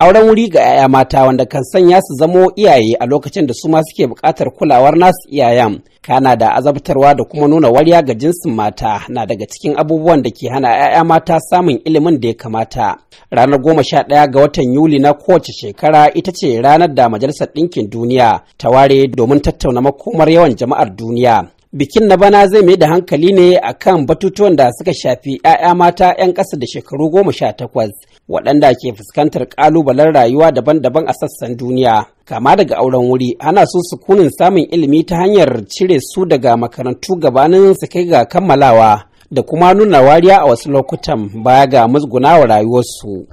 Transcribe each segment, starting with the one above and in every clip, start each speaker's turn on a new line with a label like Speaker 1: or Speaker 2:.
Speaker 1: auren wuri ga 'ya'ya mata wanda kan sanya su zamo iyaye a lokacin da su ma suke buƙatar kulawar nasu iyayen kana da azabtarwa da kuma nuna wariya ga jinsin mata na daga cikin abubuwan da ke hana 'ya'ya mata samun ilimin da ya kamata ranar goma sha ɗaya ga watan yuli na kowace shekara ita ce ranar da majalisar ɗinkin duniya ta ware domin tattauna makomar yawan jama'ar duniya bikin na bana zai mai da hankali ne a kan batutuwan da suka shafi 'ya'ya mata 'yan ƙasa da shekaru goma sha takwas waɗanda ke fuskantar ƙalubalen rayuwa daban-daban a sassan duniya kama daga auren wuri ana su sukunin samun ilimi ta hanyar cire su daga makarantu gabanin su kai ga kammalawa da kuma nuna wariya a wasu lokutan baya ga musgunawa rayuwarsu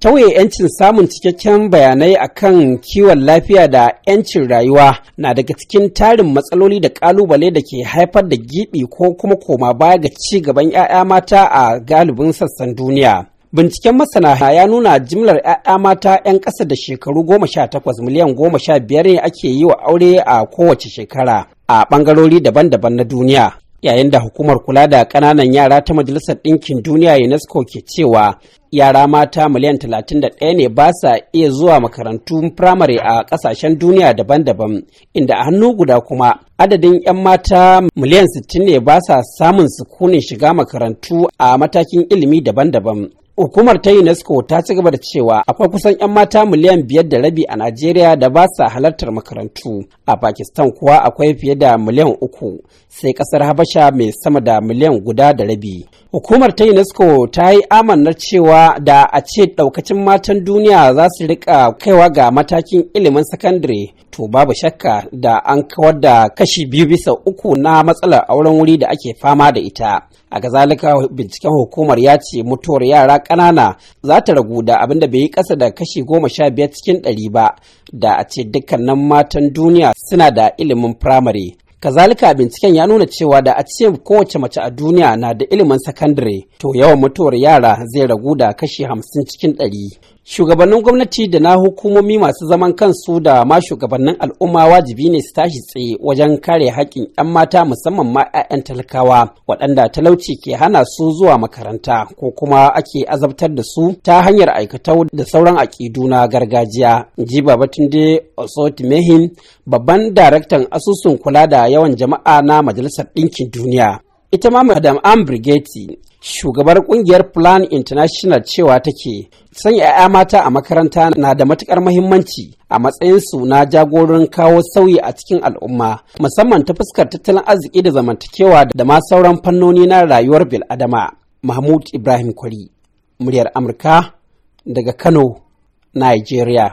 Speaker 1: tauye 'yancin samun cikakken bayanai akan kiwon lafiya da 'yancin rayuwa na daga cikin tarin matsaloli da kalubale da ke haifar da gibi ko kuma koma baya ga ci gaban 'ya'ya mata a galibin sassan duniya Binciken masana ya nuna jimlar 'ya'ya mata 'yan ƙasa da shekaru goma sha takwas miliyan goma sha biyar ne ake yi wa aure a kowace shekara a bangarori daban-daban na duniya. Yayin da hukumar kula da ƙananan yara ta Majalisar Ɗinkin Duniya UNESCO ke cewa yara mata miliyan talatin da ɗaya ne ba sa iya zuwa makarantun firamare a ƙasashen duniya daban-daban inda a hannu guda kuma adadin 'yan mata miliyan sittin ne ba sa samun sukunin shiga makarantu a matakin ilimi daban-daban Hukumar ta UNESCO ta ci gaba da cewa akwai kusan 'yan mata miliyan biyar da rabi a Najeriya da ba sa halartar makarantu. A Pakistan kuwa akwai fiye da miliyan uku, sai kasar Habasha mai sama da miliyan guda da rabi. Hukumar ta UNESCO ta yi amanar cewa da a ce ɗaukacin matan duniya za su rika kaiwa ga matakin ilimin sakandare to babu shakka da an kawar da kashi biyu bisa uku na matsalar auren wuri da ake fama da ita a gazalika binciken hukumar ya ce mutuwar yara ƙanana za ta ragu da abin da bai yi ƙasa da kashi goma sha biyar cikin ɗari ba da a ce dukkanin matan duniya suna da ilimin firamare kazalika binciken ya nuna cewa da a ce kowace mace a duniya na da ilimin sakandare to yawan mutuwar yara zai ragu da kashi hamsin cikin ɗari shugabannin gwamnati da na hukumomi masu zaman kansu da ma shugabannin al'umma wajibi ne su tashi tsaye wajen kare haƙƙin 'yan mata musamman ma 'ya'yan talakawa waɗanda talauci ke hana su zuwa makaranta ko kuma ake azabtar da su ta hanyar aikatau da sauran aƙidu na gargajiya ji babatunde osotimehin babban daraktan asusun kula da yawan jama'a na majalisar ɗinkin duniya ita ma madam ann brigeti shugabar ƙungiyar plan international cewa take sanya 'ya'ya mata a makaranta na da matukar mahimmanci a matsayinsu na jagorin kawo sauyi a cikin al'umma musamman ta fuskar tattalin arziki da zamantakewa da ma sauran fannoni na rayuwar bil'adama mahmud ibrahim kwari muryar amurka daga kano nigeria